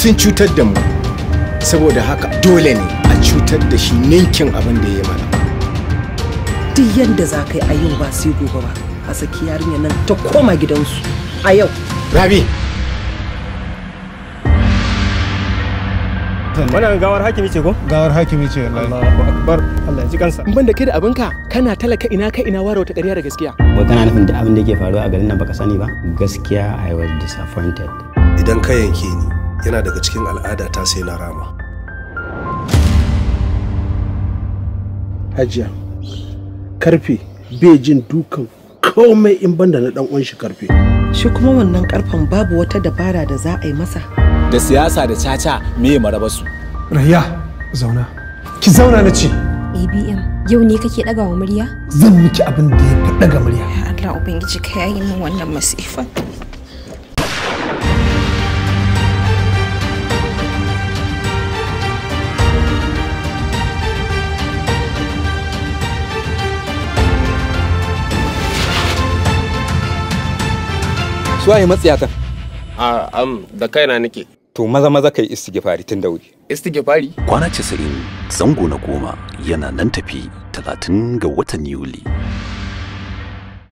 sun cutar da mu saboda haka dole ne a cutar da shi ninkin abin da ya mana duk yadda za ka yi a yau ba sai gobe ba a saki yarinya nan ta koma gidansu a yau rabi wannan gawar hakimi ce ko gawar hakimi ce Allahu akbar Allah ya ji kansa ban da kai da abinka kana talaka ina ka ina wara wata ƙarya da gaskiya ba kana nufin da abin da yake faruwa a garin nan baka sani ba gaskiya i was disappointed idan ka yanke ni yana daga cikin al'ada ta sai na rama hajiya karfe bai jin dukan komai in banda na dan uwan shi karfe shi kuma wannan karfan babu wata dabara da za a yi masa da siyasa da caca me maraba su raya zauna ki zauna na ce abm yau ne kake daga wa murya zan miki abin da ya fi daga murya Allah ubangiji ka yayi min wannan masifa su waye matsiya a am da kaina nake to maza maza kai istighfari tun da wuri istighfari kwana 90 zango na goma yana nan tafi 30 ga watan yuli